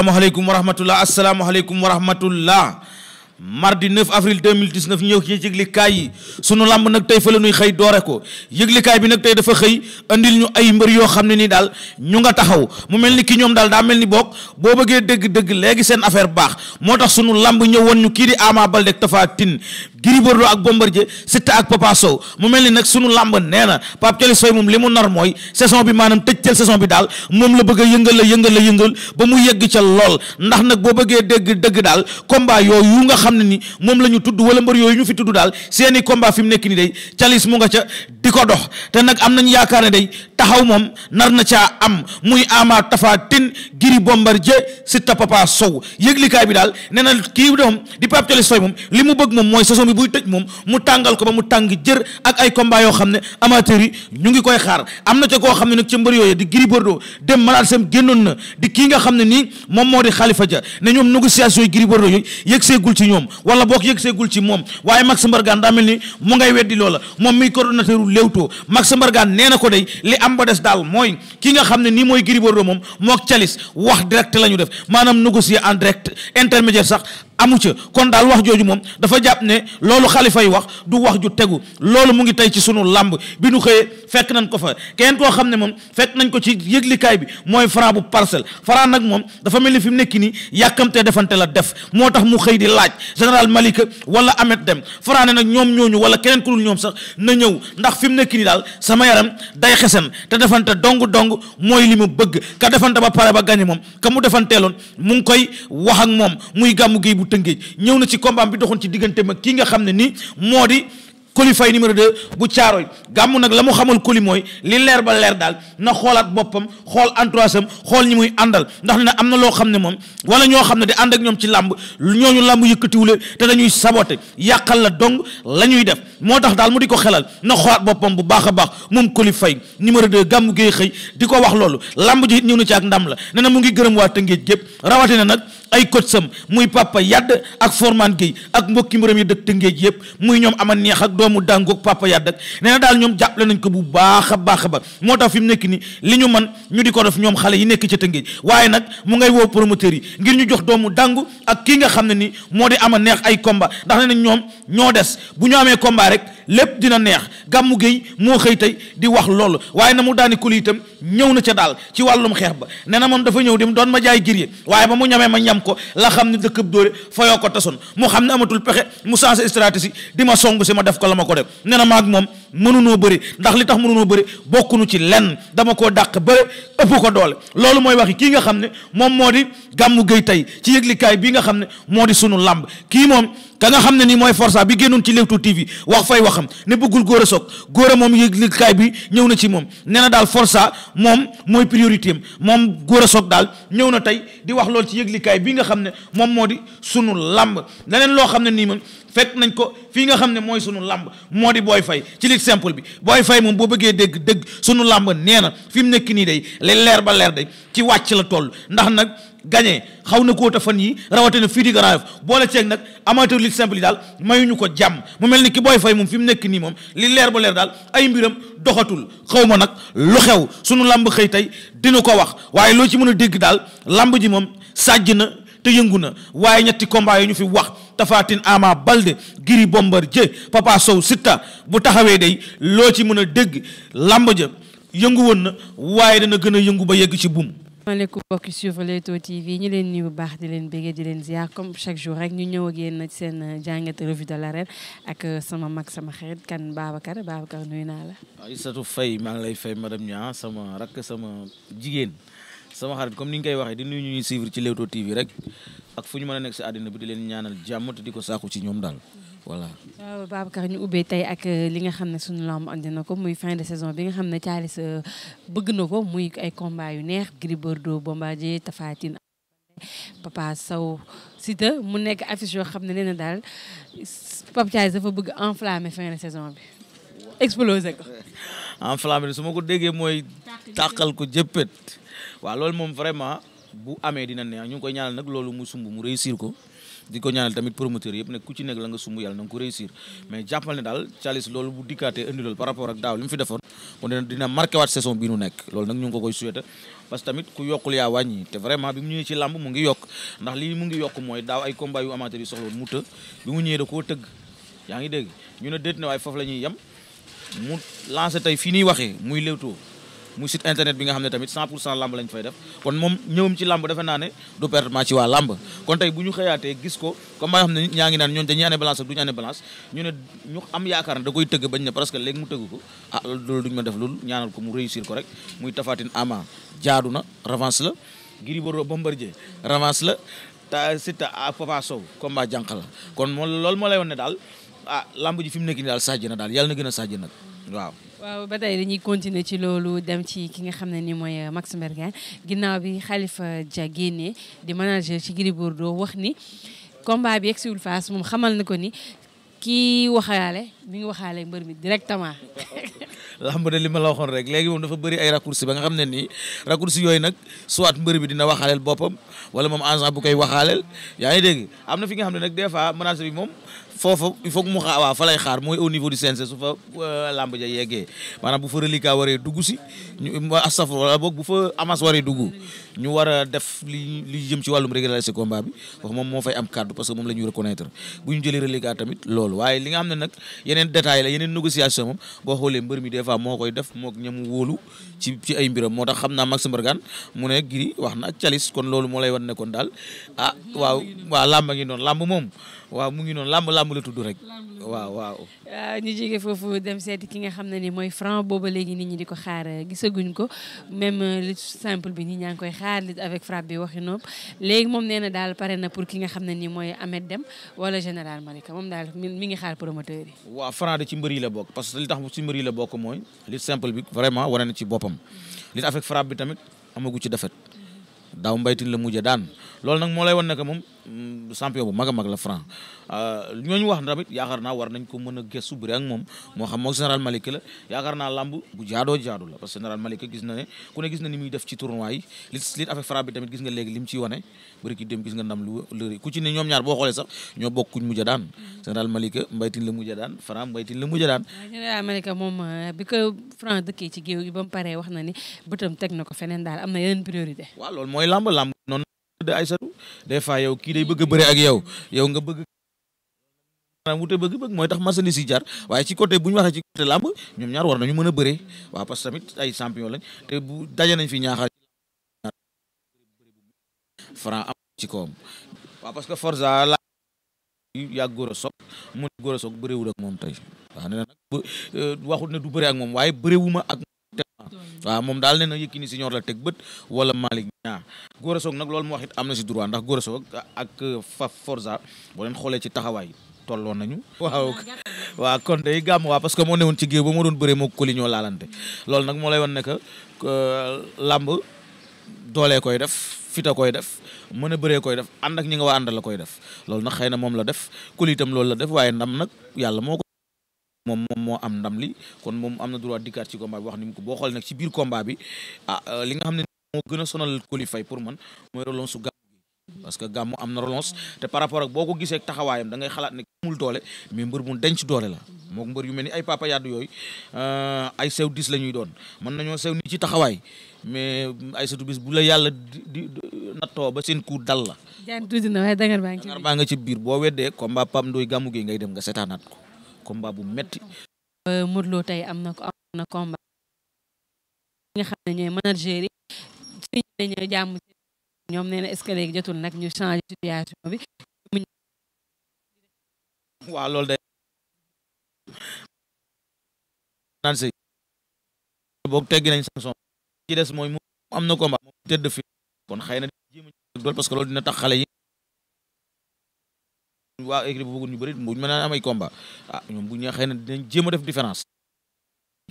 asalaamaaleykum wa rahmatullah asalaamaaleykum wa rahmatullah mardi 9 avril 2019 ñëw ci yëglikaay yi sunu làmb nag tey fa la ñuy xëy doore ko yëglikaay bi nag tey dafa xëy andil ñu ay mbër yoo xam ne nii daal ñu nga taxaw mu mel ni ki ñoom daal daa mel ni boog boo bëggee dëgg-dëgg léegi seen affaire baax moo tax sunu làmb ñëw woon ñu kii di Ama Baldé Tapha Tine Gris Bordeaux ak Bombardier Siteu ak Papa Sow mu mel ni nag sunu làmb nee na Pape Thialis moom li mu nar mooy saison bi maanaam tëjtal saison bi daal moom la bëgg a yëngal la yëngal la yëngal ba mu yegg ca lool ndax nag boo bëggee dégg dëgg daal combat yooyu nga xam ne ni moom la ñu tudd wala mbër yooyu ñu fi tudd daal seeni combat fi mu nekk ni day Thialis mu nga ca di ko dox te nag am nañu yaakaar ne day taxaw moom nar na caa am muy Ama Tapha Tine Gris Bombardier Siteu Papa Sow yëglikaay bi daal nee na kii doom di Pape Thialis Faye moom li mu bëgg moom mooy saison buy tëj moom mu tàngal ko ba mu tàng jër ak ay combat yoo xam ne amateurs yi ñu ngi koy xaar am na ca koo xam ne nag ca mbër di Gris Bordeaux dem malade sem génnoon na di kii nga xam ne nii moom moo di xalifa ja ne ñoom négociation yi Gris Bordeaux yooyu seegul ci ñoom wala boog yëg seegul ci moom waaye Max Mbargane daa mel ni mu ngay weddi loola moom miy coordonnateur u Leewtoo Max Mbargane nee na ko day li am ba des daal mooy ki nga xam ne nii mooy Gris Bordeaux moom mook calis wax direct la ñu def maanaam négocier en direct intermédiaire sax amu ca kon daal wax jooju moom dafa jàpp ne loolu xalifa yi wax du wax ju tegu loolu mu ngi tey ci sunu làmb bi nu xëyee fekk nañ ko fa kenn koo xam ne moom fekk nañ ko ci yëglikaay bi mooy Franc bu parcelle Franc nag moom dafa mel ni fi mu nekk nii yàkkamtee defante la def moo tax mu xëy di laaj général Malika wala Ahmed Dem Franc ne nag ñoom ñooñu wala keneen ku dul ñoom sax na ñëw ndax fi mu nekk nii daal sama yaram day xesen te defante dong dong mooy li mu bëgg ka defante ba pare ba gagné moom ka mu defanteeloon mu ngi koy wax ak moom muy gàmmu gi Tëngéej ñëw na ci combat bi doxoon ci diggante mag ki nga xam ne ni moo di Coly fay numéro 2 bu Caaroy gàmmu nag la mu xamal Coly mooy li leer ba leer daal na xoolaat boppam xool entourage am xool ñi muy àndal ndax ne na am na loo xam ne moom wala ñoo xam ne di ànd ak ñoom ci làmb ñooñu làmb yëkkatiwule te dañuy sabote yàqal la dong la ñuy def moo tax daal mu di ko xelal na xoolaat boppam bu baax a baax moom koli fay numéro 2 gàmmu gay xëy di ko wax loolu làmb ji ñëw na ci ak ndam la ne na mu ngi gërëm waa gépp rawatina nag ay coach sam muy papa yadd ak Forman Gueye ak mbokki mbërëm yi dëkk Tëngéej yëpp muy ñoom ama neex ak doomu dàngoog papa yadd ak nee na daal ñoom jàppale nañ ko bu baax a baax a baax moo tax fi mu nekk nii li ñu man ñu di ko def ñoom xale yi nekk ca Tëngéej waaye nag mu ngay woo promoteurs yi ngir ñu jox doomu dàngu ak kii nga xam ne ni moo di am a neex ay combat ndax nee na ñoom ñoo des bu ñu amee combat rek lépp dina neex gàmmu géey moo xëy tey di wax loolu waaye na mu daani kuli itam ñëw na ca daal ci wàllum xeex ba nee na moom dafa ñëw dim doon ma jaay girye waaye ba mu ñamee ma ñam ko la xam ne dëkkëb dóore fayoo ko tasoon mu xam ne amatul pexe mu changé stratégie di ma song si ma def ko la ma ko def nee na maag moom mënunoo bëri ndax li tax mënunoo bëri bokkunu ci lenn dama koo dàq ba ëpp ko doole loolu mooy waxi kii nga xam ne moom moo di gàmmu géey tey ci yëglikaay bii nga xam ne moo di sunu làmb kii moom ka nga xam ne ni mooy forsa bi génnoon ci Leewtoo TV wax fay waxam ne bëggul góor a soog góor a moom yëglikaay bi ñëw na ci moom nee daal forsa moom mooy priorité am moom góor a soog daal ñëw na tey di wax lool ci yëglikaay bi nga xam ne moom moo di sunu làmb leneen loo xam ne nii moom fekk nañ ko fii nga xam ne mooy sunu làmb moo di booy fay ci lit simple bi booy fay moom boo bëggee dégg dëgg suñu làmb nee na fi mu nekk nii day li leer ba leer day ci wàcc la toll ndax nag gañee xaw na koo ta fan rawatina fii di Grand nag amateur lit simple daal mayuñu ko jàmm mu mel ni ki booy fay moom fi mu nekk nii moom li leer ba leer daal ay mbiram doxatul xaw ma nag lu xew sunu làmb xëy tey dina ko wax waaye loo ci mën a dégg daal làmb ji moom sàjj na te yëngu na waaye ñetti combat yi ñu fi wax Tafatine Ama Balde Giri Bombardier Papa Sow Sitta bu taxawee day loo ci mën a dégg làmb ja yëngu woon na waaye dana gën a yëngu ba yegg ci buum. maaleykum mbokki suivre Leewtoo TV ñu leen nii bu baax di leen bëggee di leen ziar comme chaque jour rek ñu ñëw ak yéen ci seen jàngat revue de l'arène ak sama mag sama xarit kan Babacar Babacar nuyu naa la. Aïssatou Faye maa ngi lay fay madame Niang sama rakk sama jigéen sama xarit comme ni ñu koy waxee di ñu ñuy suivre ci Leewtoo TV rek ak fu ñu mën a nekk si àddina bi di leen ñaanal jàmm te di ko saaku ci ñoom daal voilà. waaw Babacar ñu ubbee tey ak euh, li nga xam ne suñu lamb andi na ko muy fin de saison bi nga xam ne Thialis euh, bëgg na ko muy ay combat yu neex Gris Bordeaux Bombardier Tapha Tine Papa Sow Siteu mu nekk affiche yoo xam ne nee na daal Pape Thialis dafa bëgg enflammer fin de saison bi explosé ko. enflammer su ma ko déggee mooy. tàqal ko jëppët waa loolu moom vraiment. bu amee dina neex ñu ngi koy ñaanal nag loolu mu sumb mu réussir ko di ko ñaanal tamit promoteur yëpp nag ku ci nekk la nga sumb yàlla na nga ko réussir mais jàppal ne daal Thialis loolu bu dikkaatee indi loolu par rapport ak daaw li mu fi defoon kon dina dina marqué bii nu nekk loolu nag ñu ngi ko koy souhaité parce que tamit ku yokkul yaa wàññi te vraiment bi mu ñëwee ci làmb mu ngi yokk ndax lii mu ngi yokk mooy daaw ay combat yu amateur yi s woon mu tëgg yaa ngi dégg ñu ne déet ne waaye foofu la ñuy yem mu lancé tey fii niy waxee muy Leewtoo muy site internet bi nga xam ne tamit 100 pour cent lamb lañ fay def kon moom ñëwum ci lamb defe naa ne du pertement ci waa lamb kon tey bu ñu xëyaatee gis ko comme ba ñaa ngi naan ñoon dañuy année balance ak du ñu année balance ñu ne ñu am yaakaar ne da koy tëgg bañ ne parce que léegi ko ah loolu duñ ma def loolu ñaanal ko mu réussir ko rek muy tafatin ama jaadu la ta Siteu a Papa Sow la kon moo loolu moo lay won ne daal ah lamb ji fi mu nekk nii daal sajji na daal yal na gën a sajji nag waaw waaw ba tey dañuy continuer ci loolu dem ci ki nga xam ne ni mooy euh, Max Mbergane ginnaaw bi Khalifa Dia génnee di manager ci Gris Bordeaux wax ni combat bi yegsiwul fas moom xamal na ko ni kii waxaale mi ngi waxaale mbër mi directement. lamb de li ma la rek léegi moom dafa bëri ay raccourci ba nga xam ne ni raccourci yooyu nag soit mbër bi dina waxaaleel boppam wala moom agent bu koy waxaaleel yaa ngi dégg am na fi nga xam ne nag des fois manager bi moom foofu il faut que mu xaar waaw fa lay xaar mooy au niveau du CNG su fa euh, lamb ja yeggee maanaam bu fa reliquat waree dugg si ñu astafur wala boog bu fa amas waree dugg ñu war a def li li jëm ci wàllum régulariser combat bi wax moom moo fay am kaddu parce que moom la ñu reconnaître bu ñu jëlee reliquat tamit loolu waaye li nga xam ne nag yeneen détails la yeneen négociation moom boo xoolee mbër mi des fois moo koy def moog ñamu wóolu ci ci ay mbiram moo tax xam naa Max Mbargane mu ne giri wax na calis kon loolu moo lay wan ne daal ah, waaw waaw làmb ngi noonu làmb moom waaw mu ngi noonu làmb làmb la tudd rek. waaw waaw. Ah, ñu jóge foofu dem seeti ki nga xam ne ni mooy franc booba léegi nit ñi di ko xaar eh, gisaguñ ko même eh, lutte simple bi nit ñaa ngi koy xaar lutte avec frappe bi waxi noonu léegi moom nee na daal pare na pour ki nga xam ne ni mooy Ahmed dem wala général Malika moom daal mi ngi xaar promoteur yi. waaw franc da ci mbër yi la bokk parce que li tax ci mbër yi la bokk mooy lutte simple bi vraiment wane na ci boppam lutte avec frappe bi tamit amagu ci defet mm-hmm. daaw mbaytin la mujjee daan loolu Mm, champion bu mag a mag la Franc ah, ñooñu wax tamit yaakaar na war nañ ko mën a gëstu bëri ak moom moo xam moog général Malick la yaakaar naa lamb bu jaadoo jaadu la parce que général Malick gis na ne ku ci tournoi yi li li affaire Franc bi tamit gis nga ndam lu ku ci ne ñoom ñaar boo xoolee sax ñoo bokk kuñ mujj a daan mm-hmm. général Malick mbaytin la mujj a daan Franc mbaytin la mujj daan général Malick moom eh, bi ko Franc dëkkee ci gi ba mu wax na ni bëtam teg na ko feneen daal am na yeneen de Aysatu des fois yow kii day bëgg a ak yow yow nga bëgg maanaam wute bëgg-bëgg mooy tax marchandise yi jar waaye ci côté bu ñu waxee ci côté làmb ñoom ñaar war nañu mën a bëre waaw parce que tamit ay champion lañ te bu daje nañ fi ñaaxaar franc am la a soog mu ne a soog bëréewul ak moom tey waaw nee na nag euh, waxut ne du bëre ak moom waaye bëréewuma ak moom waaw moom daal nee na Yékini si ñor la teg bët wala Malick ñaa ah. Gora Sock nag loolu mu wax am na si droit ndax Gora Sock ak fa Forza boo leen xoolee ci taxawaay tolloon nañu waaw waaw kon day gàmm waa parce que moo newoon ci géew ba moo doon bëree moo koli ñoo laalante loolu nag moo lay wan ne que euh, làmb doolee koy def fita koy def mën a bëree koy def ànd ak ñi nga waa àndal la koy def loolu nag xëy na moom la def kuli itam loolu la def waaye ndam nag yàlla moo ko moom moom moo am ndam li kon moom am na droit dikkaat ci combat bi wax ni mu ko boo xool nag ci biir combat bi ah euh, li moo gën a sonal kolifay pour man mooy relance su gàmmu gi parce que gàmmu am na relance te par rapport ak boo ko gisee taxawaayam da ngay xalaat ne amul doole mu denc doole la mook mbër yu mel ni ay papa yàddu euh, ay sew la ñuy doon mën nañoo sew ci taxawaay mais ay satu bu la yàlla di nattoo ba seen ku dal la dangar baa nga ci biir boo weddee combat pam gi ngay dem nga seetaanaat ko combat bu metti euh, Modou Lo tey am na ko am na combat nga xam ne ñooy manager yi fii jàmm ñoom nee na est ce léegi jotul nag ñu changé situation bi. waa loolu de naan si boog teggi nañ sanction ci des mooy mu am na combat moom tëdd fi kon xëy na jéem a dool parce que loolu dina tax xale yi waa écrit bu bëggoon ñu bëri buñ mën a am ay combat ah ñoom bu ñu xëy na dinañ jéem def différence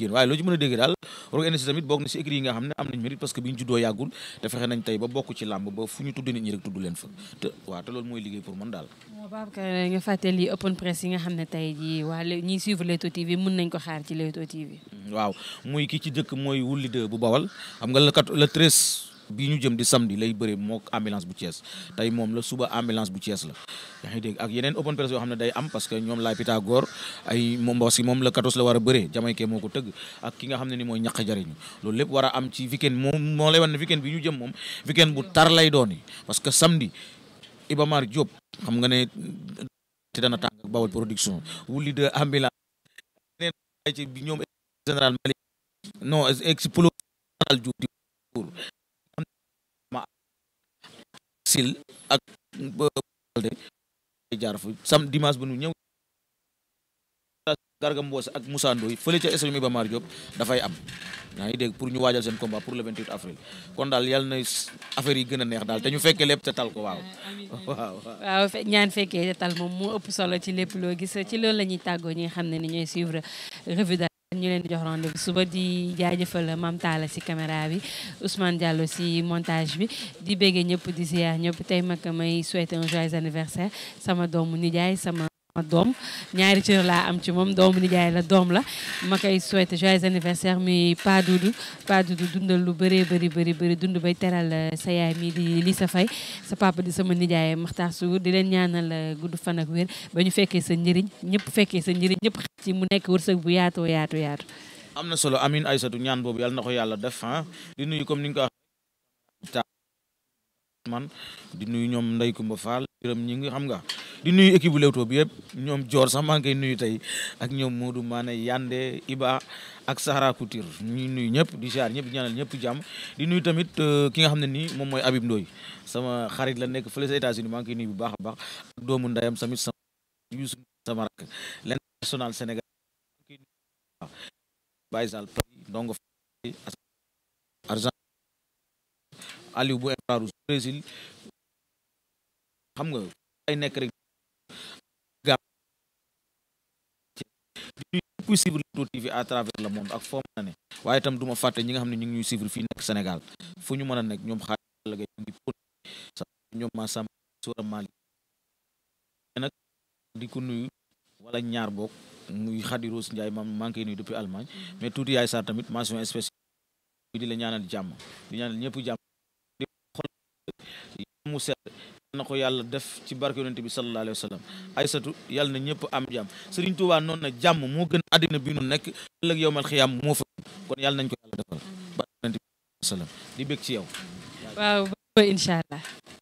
génn waaye loo mën a dégg daal Rock Énergie tamit bokk na si écrit nga xam ne am nañ mérite parce que bi ñu yàggul te fexe nañ tey ba bokk ci làmb ba fu ñu tudd nit ñi rek tudd leen fa te waaw te loolu mooy liggéey pour man daal Babacar nga fàttali open press yi nga xam ne tey jii waa ñiy suivre Leewtoo TV mën nañ ko xaar ci Leewtoo TV waaw muy kii ci dëkk mooy wulli de bu bawal xam nga le 13 bii ñu jëm di samedi lay bëre moo ambulance bu Thiès tey moom la suba ambulance bu Thiès la yaa yeneen open press yoo xam ne day am parce que ñoom laay Pythagore ay moom parce que moom la 14 la war a bëree jamaykee moo ko tëgg ak ki nga xam ne ni mooy ñaq jariñu loolu lépp war a am ci weekend moom moo lay wan ne weekend bi ñu jëm moom weekend bu tar lay doon parce que samedi Iba Mar xam nga ne te dana tàng ak Bawol production wuli de ambulance sil ak balde jaar fa sam dimanche bu ñu ñëw garga mboose ak Moussa Ndoye fële ca stade Iba Mar Diop dafay am yaa ngi dégg pour ñu waajal seen combat pour le 28 avril kon daal yàlla na affaire yi gën a neex daal te ñu fekkee lépp te tal ko waaw waaw waaw ñaan fekkee te tal moom moo ëpp solo ci lépp loo gis ci loolu la tàggoo ñi xam ne ni ñooy suivre revue ñu leen di jox rendez-vous suba di jaajëfal Mame Talla si caméra bi Ousmane Diallo si montage bi di béggee ñëpp di ziar ñëpp tey mag may souhaiter un joyeux anniversaire sama doomu nijaay sama ma doom ñaari cër laa am ci moom doomu nijaay la doom la ma koy souhaité joyeux anniversaire mi Pa Doudou dundal lu bëree bëri bëri bëri dund bay teral euh, sa yaay mi di li sa fay sa papa di sama nijaay Maxtaar Sugu di leen ñaanal euh, gudd fan ak wér ba ñu fekkee sa njëriñ ñëpp fekkee sa njëriñ ñëpp xaj ci mu nekk wërsëg bu yaato yaatu yaatu am na solo amin Aysatu ñaan boobu yàlla na ko yàlla def ah di nuyu comme ni nga ko man di nuyu ñoom Ndey Kumba Faal Biram ñi nga xam di nuyu équipe bu Leewtoo bi yëpp ñoom joor sax maa ngi koy nuyu tey ak ñoom Modou Mané Yande Iba ak Sahara Couture ñu nuyu ñëpp di ziar ñëpp di ñaanal ñëpp jàmm di nuyu tamit euh, ki nga xam ne nii moom mooy Habib Ndoye sama xarit la nekk fële sa États-Unis maa ngi koy bu baax bax ak doomu ndayam samit sama Youssou sama rak l'international Sénégal Baye Sall Ndongo Argent Brésil xam nga ay nekk rek kuy suivre Leewtoo TV à travers le monde ak foo mën a ne waaye itam du ma fàtte ñi nga xam ne ñu ngi ñuy suivre fii nekk Sénégal fu ñu mën a nekk ñoom xaar la gay ngi pon sa ñoom ma sam sura mali nag di nuyu wala ñaar boog muy Khady Rose Ndiaye ma maa ngi Allemagne mais tuuti yaay Sarr tamit mention spéciale di la ñaanal jàmm ñaanal ñëpp jàmm na ko yàlla def ci barke yonente bi sallallahu alayhi wa sallam aysatu yàlla na ñëpp am jàmm Serigne Touba noonu na jàmm moo gën àddina bi nu nekk ëllëg yowmal xiyaam moo fa kon yàlla nañ ko yàlla defal barke yonente bi sallam di bég ci yow waaw incha allah